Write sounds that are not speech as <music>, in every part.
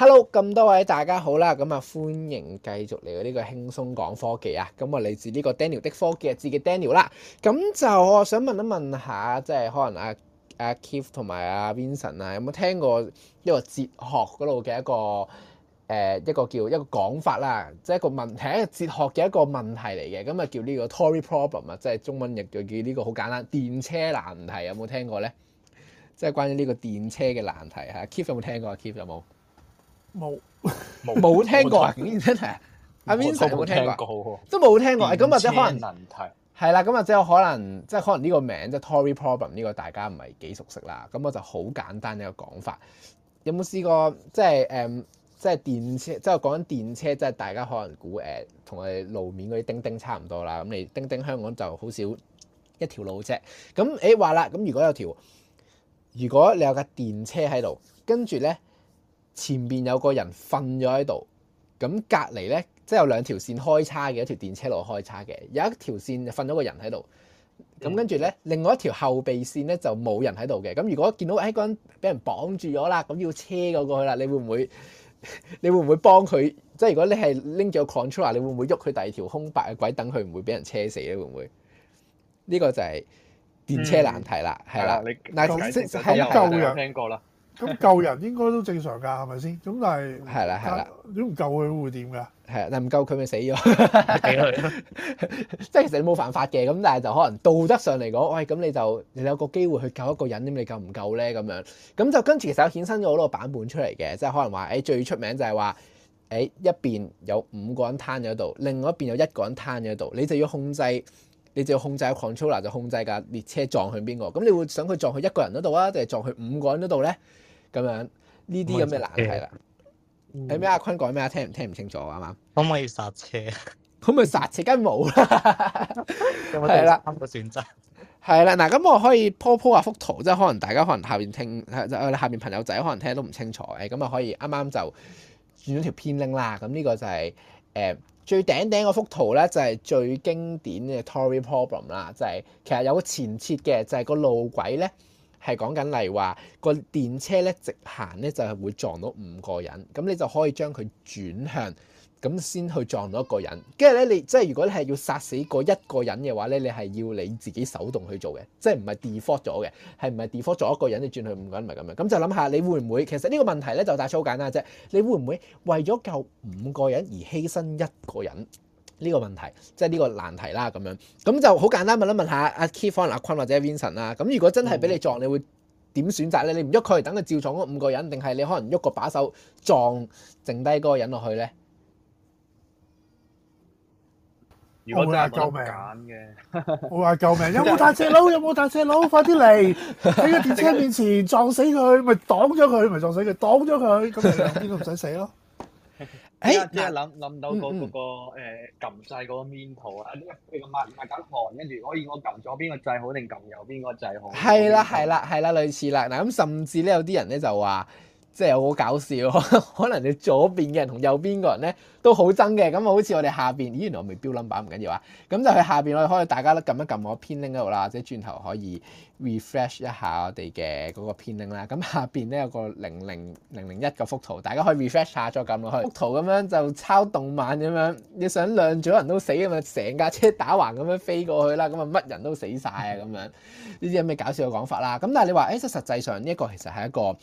hello，咁多位大家好啦，咁啊歡迎繼續嚟到呢個輕鬆講科技啊，咁啊嚟自呢個 Daniel 的科技，自己 Daniel 啦，咁就我想問一問下，即係可能阿、啊、阿、啊、Keith 同埋阿 Vincent 啊，有冇聽過一個哲學嗰度嘅一個誒一個叫一個講法啦，即係一個問係一哲學嘅一個問題嚟嘅，咁啊叫呢個 Trolley Problem 啊，即係中文譯叫呢個好簡單電車難題，有冇聽過咧？即係關於呢個電車嘅難題，吓、啊、Keith 有冇聽過、啊、？Keith 有冇、啊？Keith, 有冇冇聽過啊？阿 Vincent 冇聽過， <laughs> 真冇是有聽過。咁或者可能係啦。咁啊、嗯，即係可能，即可能呢個名，即係 Trolley Problem 呢個，大家唔係幾熟悉啦。咁、嗯、我就好簡單一個講法，有冇試過？即係誒、嗯，即係電車。即係講緊電車，即係大家可能估誒，同、呃、我哋路面嗰啲叮叮差唔多啦。咁你叮叮香港就好少一條路啫。咁、嗯、誒話啦，咁如果有條，如果你有架電車喺度，跟住咧。前邊有個人瞓咗喺度，咁隔離咧，即係有兩條線開叉嘅一條電車路開叉嘅，有一條線就瞓咗個人喺度，咁跟住咧，另外一條後備線咧就冇人喺度嘅。咁如果見到誒個、哎、人俾人綁住咗啦，咁要車佢過去啦，你會唔會？你會唔會幫佢？即係如果你係拎住個 controller，你會唔會喐佢第二條空白嘅軌等佢唔會俾人車死咧？會唔會？呢、這個就係電車難題、嗯、啦，係、嗯、啦。你。即係啦。咁救人應該都正常㗎，係咪先？咁但係係啦，係啦，你唔救佢會點㗎？係，但唔救佢咪死咗？死 <laughs> 佢 <laughs> <laughs> 即係其實你冇犯法嘅，咁但係就可能道德上嚟講，喂、哎，咁你就你有個機會去救一個人，咁你救唔救咧？咁樣咁就跟住其實有衍生咗好多版本出嚟嘅，即係可能話，誒、哎、最出名就係話，誒、哎、一邊有五個人攤咗度，另外一邊有一個人攤咗度，你就要控制，你就要控制 controller 就控制架列車撞去邊個？咁你會想佢撞去一個人嗰度啊，定係撞去五個人嗰度咧？咁樣呢啲咁嘅難題啦。誒咩？阿坤講咩啊？聽唔聽唔清楚啊嘛？可唔可以煞車？可唔可以煞車？梗係冇啦。係啦，啱個選擇。係啦， <laughs> <laughs> 嗱，咁我可以鋪鋪下幅圖，即係可能大家可能下邊聽，下下邊朋友仔可能聽都唔清楚。誒，咁啊可以啱啱就轉咗條片拎啦。咁呢個就係誒最頂頂嗰幅圖咧，就係最經典嘅 Trolley Problem 啦。就係其實有個前設嘅，就係個路軌咧。係講緊，例如話個電車咧直行咧就係會撞到五個人，咁你就可以將佢轉向，咁先去撞到一個人。跟住咧，你即係如果你係要殺死嗰一個人嘅話咧，你係要你自己手動去做嘅，即係唔係 default 咗嘅，係唔係 default 咗一個人，你轉去五個人唔係咁樣。咁就諗下，你會唔會？其實呢個問題咧就大粗好簡單啫，你會唔會為咗救五個人而犧牲一個人？呢個問題，即係呢個難題啦，咁樣咁就好簡單，問一問下阿 Key 方、阿坤、啊、或者 Vincent 啦、啊。咁如果真係俾你撞，你會點選擇咧？你唔喐佢，等佢照撞嗰五個人，定係你可能喐個把手撞剩低嗰個人落去咧？好啦，救命！好啊！救命！有冇大隻佬？ <laughs> 有冇大隻佬？ <laughs> 快啲嚟！喺個電車面前撞死佢，咪擋咗佢，咪撞死佢，擋咗佢，咁兩邊都唔使死咯～即係諗諗到嗰嗰個誒撳掣嗰個面圖啊，譬、哎、呀如買買間房，跟住可以我撳左邊個掣好定撳右邊個掣好？係啦係啦係啦，類似啦。嗱咁甚至咧，有啲人咧就話。即係好搞笑，可能你左邊嘅人同右邊個人咧都好憎嘅。咁好似我哋下邊，咦，原來我未標 number 唔緊要啊。咁就喺下邊，我哋可以大家撳一撳我編拎嗰度啦，或者轉頭可以 refresh 一下我哋嘅嗰個編拎啦。咁下邊咧有個零零零零一嘅幅圖，大家可以 refresh 下再撳落去幅圖，咁樣就抄動漫咁樣，你想兩組人都死咁啊，成架車打橫咁樣飛過去啦，咁啊乜人都死晒啊咁樣，呢啲有咩搞笑嘅講法啦。咁但係你話，誒、欸，即係實際上呢一個其實係一個。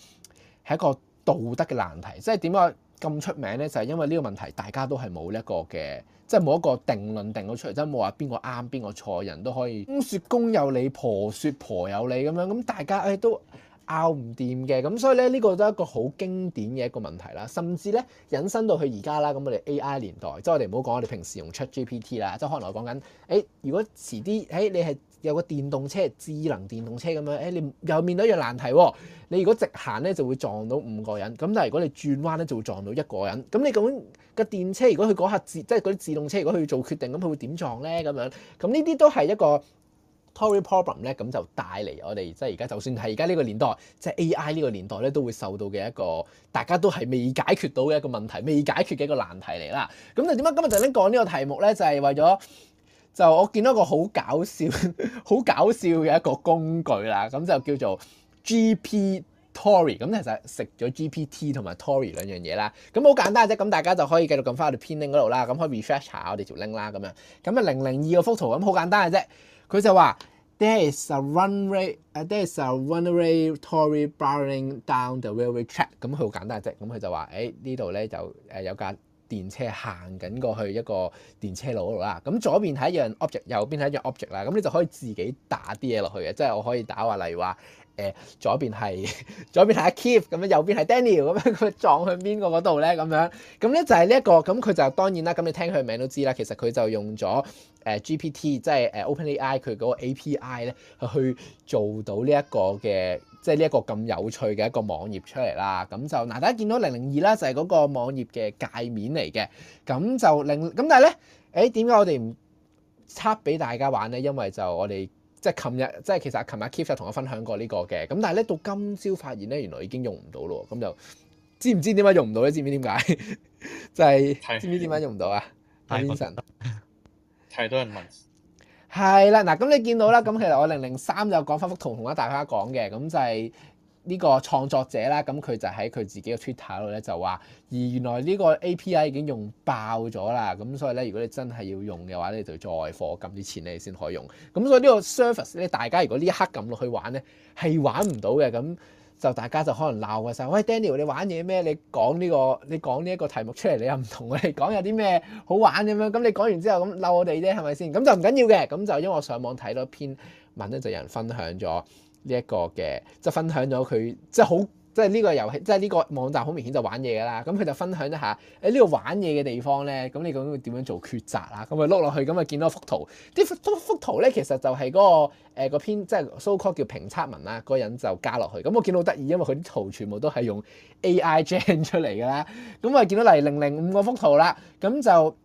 係一個道德嘅難題，即係點解咁出名呢？就係、是、因為呢個問題大家都係冇一個嘅，即係冇一個定論定咗出嚟，即係冇話邊個啱邊個錯，人都可以公説公有理，婆説婆有理咁樣，咁大家誒、哎、都拗唔掂嘅，咁所以呢，呢個都係一個好經典嘅一個問題啦。甚至呢引申到去而家啦，咁我哋 A I 年代，即係我哋唔好講我哋平時用 Chat GPT 啦，即係可能我講緊誒，如果遲啲誒、欸、你係。有個電動車，智能電動車咁樣，誒你又面對一樣難題。你如果直行咧，就會撞到五個人；咁但係如果你轉彎咧，就會撞到一個人。咁你究竟個電車，如果佢嗰下自即係嗰啲自動車，如果去做決定，咁佢會點撞咧？咁樣咁呢啲都係一個 trolley problem 咧，咁就帶嚟我哋即係而家，就算係而家呢個年代，即係 AI 呢個年代咧，都會受到嘅一個大家都係未解決到嘅一個問題，未解決嘅一個難題嚟啦。咁就點解今日就拎講呢個題目咧？就係為咗就我見到一個好搞笑、好 <laughs> 搞笑嘅一個工具啦，咁就叫做 GPTrolley，咁其實食咗 GPT 同埋 Trolley 兩樣嘢啦，咁好簡單啫，咁大家就可以繼續撳翻我哋 pinned link 嗰度啦，咁可以 refresh 下我哋條 link 啦，咁樣，咁啊零零二個幅圖，咁好簡單嘅啫，佢就話 There is a runway，There、uh, is a runway Trolley barreling down the railway track，咁好簡單嘅啫，咁佢就話，誒、欸、呢度咧就誒、呃、有間。電車行緊過去一個電車路度啦，咁左邊係一樣 object，右邊係一樣 object 啦，咁你就可以自己打啲嘢落去嘅，即係我可以打話，例如話誒、呃、左邊係左邊係 Keith 咁樣，右邊係 Daniel 咁樣，佢撞去邊個嗰度咧咁樣，咁咧就係呢一個，咁佢就當然啦，咁你聽佢名都知啦，其實佢就用咗誒、呃、GPT，即係誒 OpenAI 佢嗰個 API 咧去做到呢一個嘅。即係呢一個咁有趣嘅一個網頁出嚟啦，咁就嗱大家見到零零二啦，就係、是、嗰個網頁嘅界面嚟嘅，咁就令咁但係咧，誒點解我哋唔測俾大家玩咧？因為就我哋即係琴日，即係其實琴日 Keith 就同我分享過、這個、呢個嘅，咁但係咧到今朝發現咧，原來已經用唔到咯喎，咁就知唔知點解用唔到咧？知唔知點解？知知議 <laughs> 就係知唔知點解用唔到啊？大神太多人問。議係啦，嗱咁你見到啦，咁其實我零零三就講翻幅圖同大家講嘅。咁就係呢個創作者啦，咁佢就喺佢自己嘅 Twitter 度咧就話，而原來呢個 API 已經用爆咗啦，咁所以咧如果你真係要用嘅話咧，就再火金啲錢你先可以用，咁所以呢個 service 咧大家如果呢一刻撳落去玩咧係玩唔到嘅咁。就大家就可能鬧嘅時候，喂 Daniel 你玩嘢咩？你講呢個你講呢一個題目出嚟，你又唔同我哋講有啲咩好玩咁樣？咁你講完之後咁嬲我哋啫，係咪先？咁就唔緊要嘅。咁就因為我上網睇到一篇文咧，就有人分享咗呢一個嘅，即係分享咗佢即係好。即係呢個遊戲，即係呢個網站好明顯就玩嘢噶啦。咁佢就分享一下喺呢度玩嘢嘅地方咧。咁你究竟會點樣做抉擇啊？咁咪碌落去，咁咪見到幅圖。啲幅幅圖咧，其實就係嗰、那個誒個、呃、篇，即係 so called 叫評測文啦。個人就加落去。咁我見到好得意，因為佢啲圖全部都係用 AI gen 出嚟㗎啦。咁啊，見到嚟零零五嗰幅圖啦。咁就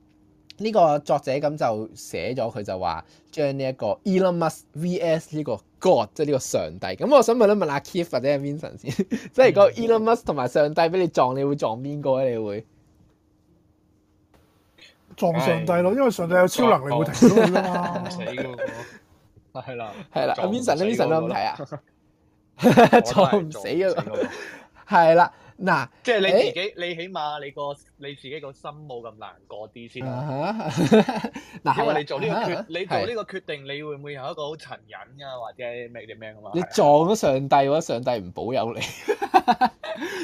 呢、這個作者咁就寫咗佢就話將呢一個 Elon Musk VS 呢、這個。God 即係呢個上帝咁、嗯，我想問一問阿 Keith 或者阿 Vincent 先，即係個 Elon Musk 同埋上帝俾你撞，你會撞邊個咧？你會撞上帝咯，因為上帝有超能力撞你會停佢啦，死、那個喎！係 <laughs> 啦，係啦、那個，阿 Vincent Vincent 咧點睇啊？撞唔死啊、那個，係 <laughs> 啦、那個。 <laughs> <laughs> <laughs> 嗱，啊、即係你自己，欸、你起碼你個你自己個心冇咁難過啲先。啊、因為你做呢個決，啊、你做呢個,個決定，你會唔會有一個好殘忍啊？或者咩啲咩啊嘛？你撞咗上帝喎，上帝唔保佑你，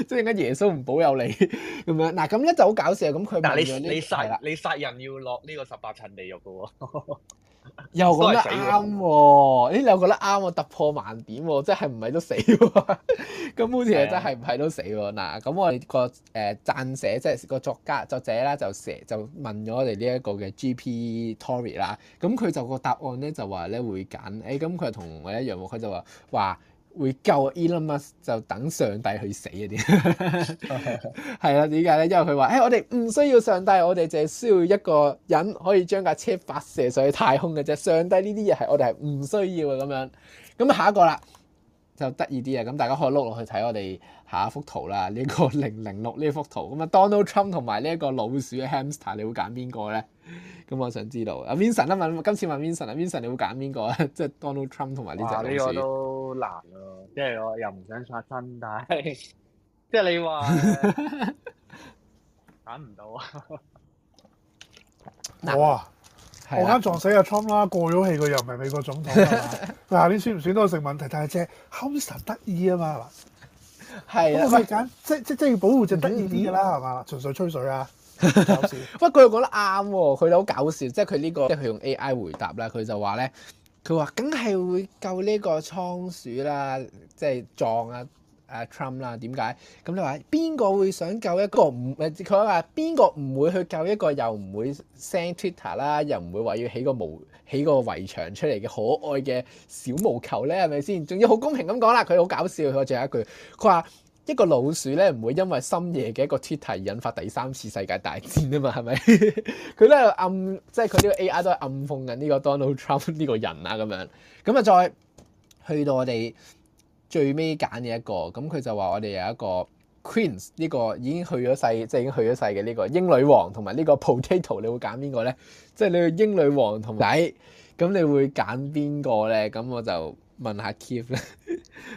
即係點解耶穌唔保佑你咁樣？嗱，咁一就好搞笑咁佢問、啊、你呢？係、呢個、你,你殺人要落呢個十八層地獄嘅喎、哦。 <laughs> 又覺得啱喎、哦，誒又覺得啱喎、哦，突破萬點喎、哦，真係唔係都死喎，咁 <laughs> 好似係真係唔係都死喎。嗱、啊，咁我哋、那個誒撰寫即係個作家作者啦，就蛇就問咗我哋呢一個嘅 GPTrolley 啦，咁佢就個答案咧就話咧會揀，誒咁佢同我一樣喎，佢就話話。會救 Elon Musk 就等上帝去死啊啲， <laughs> 係啦，點解咧？因為佢話：誒、欸、我哋唔需要上帝，我哋淨係需要一個人可以將架車發射上去太空嘅啫。上帝呢啲嘢係我哋係唔需要嘅咁樣。咁下一個啦，就得意啲啊！咁大家可以碌落去睇我哋。下一幅圖啦，呢、這個零零六呢幅圖，咁啊 Donald Trump 同埋呢一個老鼠嘅 hamster，你會揀邊個咧？咁、 <laughs> 嗯、我想知道阿 Vincent，一問今次問 Vincent 啊，Vincent 你會揀邊個咧？即 <laughs> 係 Donald Trump 同埋呢隻呢個都難咯，即係我又唔想殺身。但係即係你話揀唔到啊！我我啱撞死阿 Trump 啦，過咗氣佢又唔係美國總統嗱，你、 <laughs> 啊、算唔算都成問題，但係隻 hamster 得意啊嘛。係啊，唔係咁，即即即要保護正品呢啲嘅啦，係嘛、嗯？純、嗯、粹吹水啊， <laughs> 搞笑。 <laughs> 不過佢又講得啱喎、哦，佢好搞笑，即係佢呢個，即係佢用 A I 回答啦，佢就話咧，佢話梗係會救呢個倉鼠啦，即係撞啊！啊，Trump 啦，點解？咁你話邊個會想救一個唔？佢話邊個唔會去救一個又唔會 send Twitter 啦，又唔會話要起個毛起個圍牆出嚟嘅可愛嘅小毛球咧，係咪先？仲要好公平咁講啦，佢好搞笑。佢最後一句，佢話一個老鼠咧唔會因為深夜嘅一個 Twitter 而引發第三次世界大戰啊嘛，係咪？佢 <laughs> 都係暗，即係佢呢個 AI 都係暗諷緊呢個 Donald Trump 呢個人啊咁樣。咁啊，再去到我哋。最尾揀嘅一個咁，佢就話：我哋有一個 Queen 呢個已經去咗世，即係已經去咗世嘅呢、這個英女王同埋呢個 Potato，你會揀邊個呢？即係你英女王同仔咁，你會揀邊個呢？咁我就問下 Kev 咧。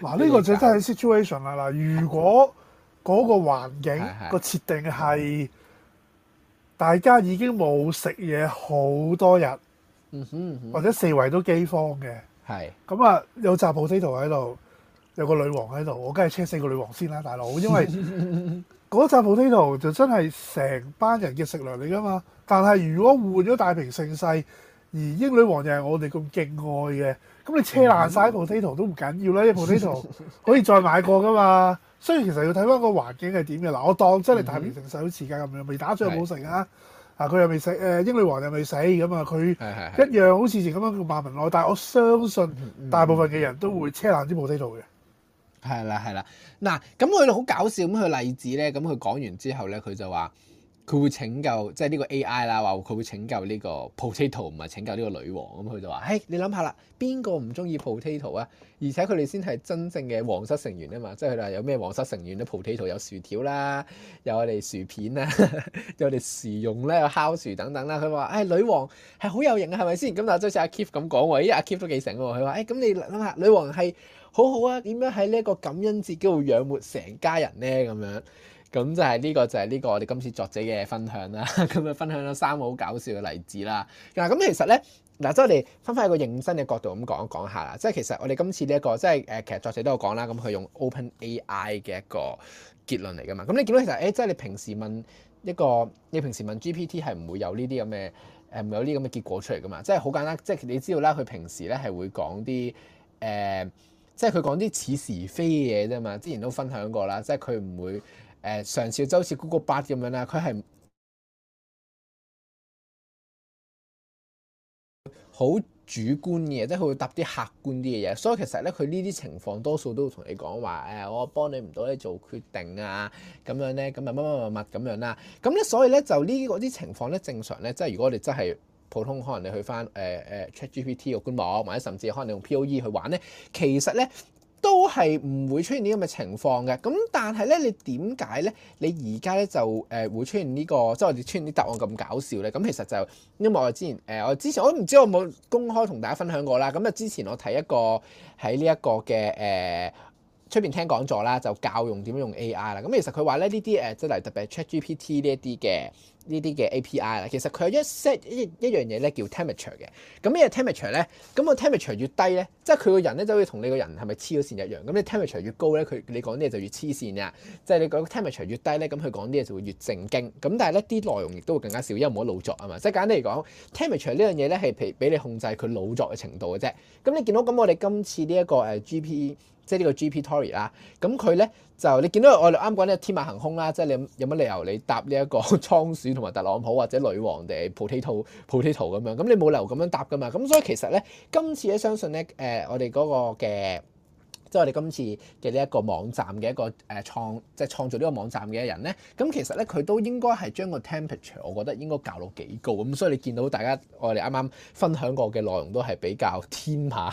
嗱 <laughs> 呢、啊這個就真係 situation 啦。嗱，如果嗰個環境個設定係大家已經冇食嘢好多日，或者四圍都饑荒嘅，係咁啊，有隻 Potato 喺度。有個女王喺度，我梗係車死個女王先啦，大佬，因為嗰扎 potato 就真係成班人嘅食糧嚟噶嘛。但係如果換咗太平盛世，而英女王又係我哋咁敬愛嘅，咁你車爛晒啲 potato 都唔緊要啦，potato 可以再買過噶嘛。所以其實要睇翻個環境係點嘅。嗱，我當真係太平盛世好似家咁樣，未打仗冇成啊，嗱佢又未死，誒英女王又未死，咁啊佢一樣好似前咁樣佢萬民愛，但係我相信大部分嘅人都會車爛啲 potato 嘅。係啦，係啦，嗱，咁佢哋好搞笑，咁佢例子咧，咁佢講完之後咧，佢就話。佢會拯救即係呢個 AI 啦，話佢會拯救呢個 potato，唔係拯救呢個女王咁。佢就話：誒、哎，你諗下啦，邊個唔中意 potato 啊？而且佢哋先係真正嘅皇室成員啊嘛，即係佢話有咩皇室成員咧？potato 有薯條啦，有我哋薯片啦， <laughs> 有我哋薯蓉咧，有烤薯等等啦。佢話：誒、哎，女王係好有型啊，係咪先？咁但係即似阿 Kief 咁講喎，依、哎、阿 Kief 都幾醒喎。佢話：誒、哎，咁你諗下，女王係好好啊，點樣喺呢一個感恩節機會養活成家人咧？咁樣。咁就係呢個就係呢個我哋今次作者嘅分享啦，咁啊分享咗三個好搞笑嘅例子啦。嗱咁其實咧，嗱即係我哋分翻一個認真嘅角度咁講一講一下啦。即係其實我哋今次呢、這、一個即係誒，其實作者都有講啦。咁佢用 OpenAI 嘅一個結論嚟噶嘛。咁你見到其實誒、欸，即係你平時問一個，你平時問 GPT 係唔會有呢啲咁嘅誒，冇、呃、有呢啲咁嘅結果出嚟噶嘛？即係好簡單，即係你知道啦。佢平時咧係會講啲誒、呃，即係佢講啲似是非嘅嘢啫嘛。之前都分享過啦，即係佢唔會。誒、呃，上次就好似嗰個八咁樣啦，佢係好主觀嘅，即係佢會答啲客觀啲嘅嘢。所以其實咧，佢呢啲情況多數都會同你講話誒、哎，我幫你唔到你做決定啊，咁樣咧，咁啊乜乜乜乜咁樣啦。咁咧，所以咧就呢啲情況咧，正常咧，即係如果我哋真係普通，可能你去翻誒誒 ChatGPT 個官網，或者甚至可能你用 POE 去玩咧，其實咧。都係唔會出現呢啲咁嘅情況嘅，咁但係咧，你點解咧？你而家咧就誒、呃、會出現呢、呢個，即係我哋出現啲答案咁搞笑咧？咁其實就因為我之前誒、呃，我之前我都唔知我冇公開同大家分享過啦。咁啊，之前我睇一個喺呢一個嘅誒出邊聽講座啦，就教用點樣用 AI 啦。咁其實佢話咧，呢啲誒即係特別係 ChatGPT 呢一啲嘅呢啲嘅 API 啦，AP I，其實佢有一 set 一一樣嘢咧叫 temperature 嘅。咁呢個 temperature 咧？咁、那個 temperature 越低咧，即係佢個人咧就會同你個人係咪黐咗線一樣。咁、那、你、個、temperature 越高咧，佢你講啲嘢就越黐線啊。即、就、係、是、你個 temperature 越低咧，咁佢講啲嘢就會越正經。咁但係咧，啲內容亦都會更加少，因為冇老作啊嘛。即係簡單嚟講，temperature 呢樣嘢咧係譬如俾你控制佢老作嘅程度嘅啫。咁你見到，咁我哋今次呢一個誒 GP 即係呢個 GPTrolley 啦。咁佢咧就你見到我哋啱講呢個天馬行空啦，即、就、係、是、你有乜理由你搭呢一個倉鼠同埋特朗普或者女王定係 potato potato 咁樣，咁你冇理由咁樣答噶嘛？咁所以其實咧，今次咧相信咧，誒、呃，我哋嗰個嘅。即係我哋今次嘅呢一個網站嘅一個誒創，即係創造呢個網站嘅人咧，咁其實咧，佢都應該係將個 temperature，我覺得應該較到幾高咁，所以你見到大家我哋啱啱分享過嘅內容都係比較天馬。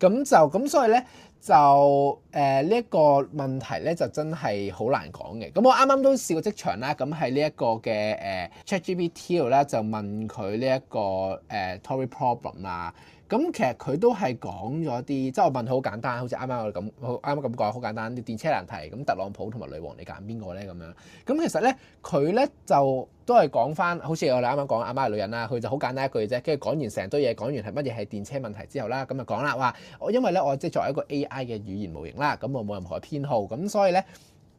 咁就咁所以咧就誒呢一個問題咧就真係好難講嘅。咁我啱啱都試過即場啦，咁喺、呃、呢一個嘅誒 ChatGPT 啦，就問佢呢一個誒、呃、trolley problem 啊。咁其實佢都係講咗啲，即係我問好簡單，好似啱啱我哋咁，啱啱咁講好簡單，電車難題，咁特朗普同埋女王你揀邊個咧？咁樣，咁其實咧佢咧就都係講翻，好似我哋啱啱講阿媽係女人啦，佢就好簡單一句啫，跟住講完成堆嘢，講完係乜嘢係電車問題之後啦，咁就講啦，話我因為咧我即係作為一個 AI 嘅語言模型啦，咁我冇任何偏好，咁所以咧，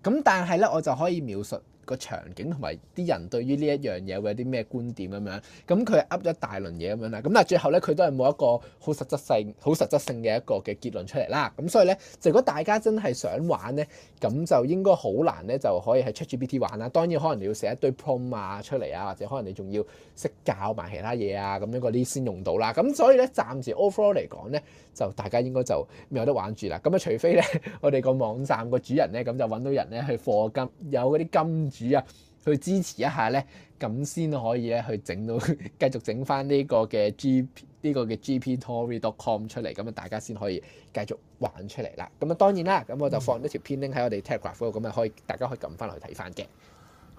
咁但係咧我就可以描述個場景同埋啲人對於呢一樣嘢會有啲咩觀點咁樣，咁佢噏咗大輪嘢咁樣啦，咁但係最後咧佢都係冇一個好實質性、好實質性嘅一個嘅結論出嚟啦。咁所以咧，如果大家真係想玩咧，咁就應該好難咧就可以喺 ChatGPT 玩啦。當然可能你要寫一堆 prompt 出嚟啊，或者可能你仲要識教埋其他嘢啊，咁樣嗰啲先用到啦。咁所以咧暫時 overall 嚟講咧，就大家應該就未有得玩住啦。咁啊，除非咧我哋個網站個主人咧咁就揾到人咧去課金，有嗰啲金。主啊，去支持一下咧，咁先可以咧去整到繼續整翻呢個嘅 GP 呢個嘅 GPTrolley.com 出嚟，咁啊大家先可以繼續玩出嚟啦。咁啊當然啦，咁我就放咗條片 link 喺我哋 Telegraph 度，咁啊可以大家可以撳翻去睇翻嘅。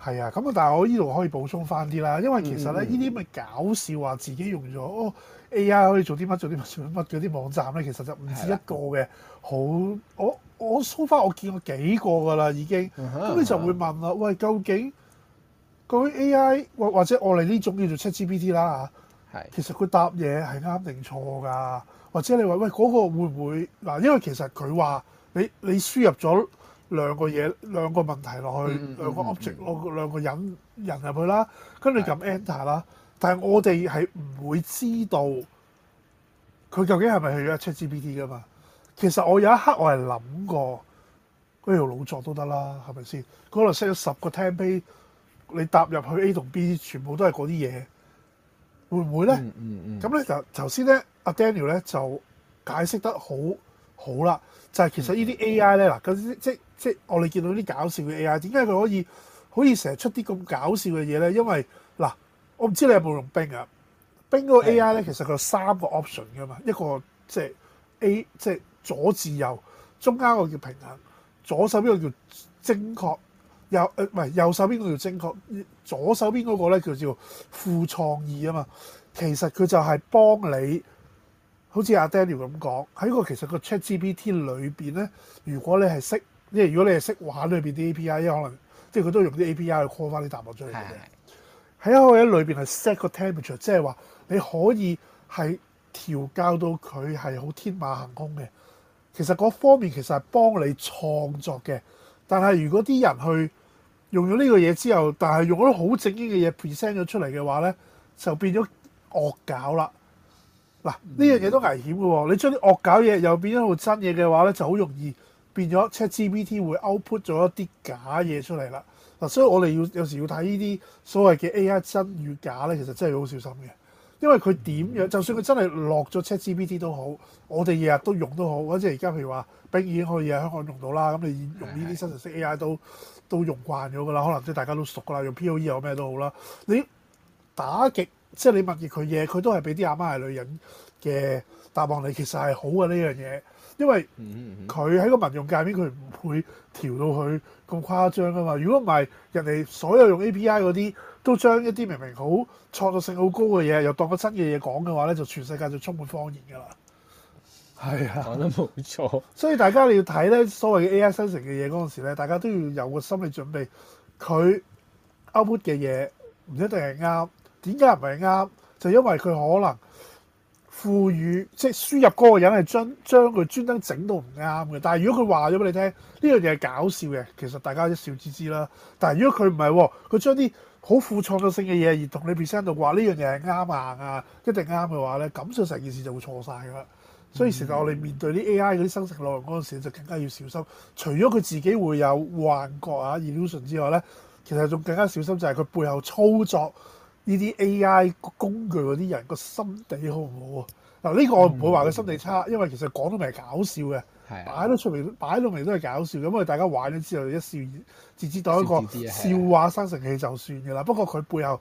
係啊，咁啊但係我呢度可以補充翻啲啦，因為其實咧呢啲咪搞笑話自己用咗哦 AI 可以做啲乜做啲乜做啲乜嗰啲網站咧，其實就唔止一個嘅的好我。哦我搜翻我見過幾個㗎啦，已經咁你就會問啦，喂，究竟究竟 AI 或或者我哋呢種叫做 ChatGPT 啦，係其實佢答嘢係啱定錯㗎？或者你話喂嗰、嗰個會唔會嗱？因為其實佢話你你輸入咗兩個嘢、兩個問題落去，mm hmm. 兩個 object，攞個兩個人人入去啦，跟住撳 Enter 啦、mm。Hmm. 但係我哋係唔會知道佢究竟係咪去咗 ChatGPT 㗎嘛？其實我有一刻我係諗過，嗰、那、條、個、老作都得啦，係咪先？嗰度 set 咗十個 template 你踏入去 A 同 B，全部都係嗰啲嘢，會唔會咧？咁咧、嗯嗯嗯、就頭先咧，阿 Daniel 咧就解釋得好好啦，就係、是、其實呢啲 AI 咧嗱，咁、嗯嗯、即即、即我哋見到啲搞笑嘅 AI，點解佢可以可以成日出啲咁搞笑嘅嘢咧？因為嗱，我唔知你有冇用冰啊？冰嗰個 AI 咧，其實佢有三個 option 噶嘛，一個即 A 即。左自由，中間嗰個叫平衡，左手邊嗰個叫精確，右，誒，唔係右手邊嗰個叫精確，左手邊嗰個咧叫叫富創意啊嘛。其實佢就係幫你，好似阿 Daniel 咁講，喺個其實個 ChatGPT 裏邊咧，如果你係識，因為如果你係識玩裏邊啲 API，因為可能即係佢都用啲 API 去 call 翻啲答，答案出嚟嘅。喺我喺裏邊係 set 個 temperature，即係話你可以係調教到佢係好天馬行空嘅。其實嗰方面其實係幫你創作嘅，但係如果啲人去用咗呢個嘢之後，但係用咗好正經嘅嘢 present 咗出嚟嘅話咧，就變咗惡搞啦。嗱、嗯，呢樣嘢都危險嘅喎、哦，你將啲惡搞嘢又變咗套真嘢嘅話咧，就好容易變咗 ChatGPT 會 output 咗一啲假嘢出嚟啦。嗱，所以我哋要有時要睇呢啲所謂嘅 AI 真與假咧，其實真係好小心嘅。因為佢點樣，mm hmm. 就算佢真係落咗車 GPT 都好，我哋日日都用都好。或者而家譬如話，冰已經可以喺香港用到啦。咁你用呢啲新實式 AI 都都用慣咗噶啦，可能即係大家都熟啦。用 POE 有咩都好啦。你打極，即係你問極佢嘢，佢都係俾啲阿媽係女人嘅答案你。你其實係好嘅呢樣嘢，因為佢喺個民用界面，佢唔會調到佢咁誇張噶嘛。如果唔係，人哋所有用 API 嗰啲。都將一啲明明好創作性好高嘅嘢，又當咗真嘅嘢講嘅話呢，就全世界就充滿謊言㗎啦。係啊，講得冇錯，所以大家你要睇呢所謂嘅 A. I. 生成嘅嘢嗰陣時咧，大家都要有個心理準備，佢 output 嘅嘢唔一定係啱。點解唔係啱？就因為佢可能賦予即係輸入嗰個人係將將佢專登整到唔啱嘅。但係如果佢話咗俾你聽呢樣嘢係搞笑嘅，其實大家一笑置之啦。但係如果佢唔係喎，佢將啲。好富創造性嘅嘢，而同你 present 到話呢樣嘢係啱硬啊，一定啱嘅話咧，咁就成件事就會錯晒㗎啦。所以其實、嗯、我哋面對啲 AI 嗰啲生成內容嗰陣時，就更加要小心。除咗佢自己會有幻覺啊 illusion 之外咧，其實仲更加小心就係佢背後操作。呢啲 AI 工具嗰啲人個心地好唔好啊？嗱，呢個我唔會話佢心地差，嗯、因為其實講都係搞笑嘅的，擺到出嚟擺到明都係搞笑。咁啊，大家玩咗之後一笑，直接當一個笑話生成器就算嘅啦。不過佢背後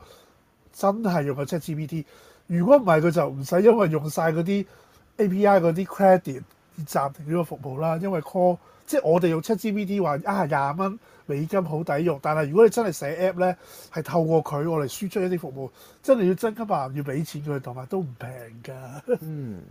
真係用緊 ChatGPT，如果唔係佢就唔使因為用晒嗰啲 API 嗰啲 credit 而暫停咗個服務啦，因為 call。即係我哋用 ChatGPT 話啊，廿蚊美金好抵用，但係如果你真係寫 A P P 咧，係透過佢我哋輸出一啲服務，真係要真金白銀要俾錢佢，同埋都唔平㗎。 <laughs> 嗯。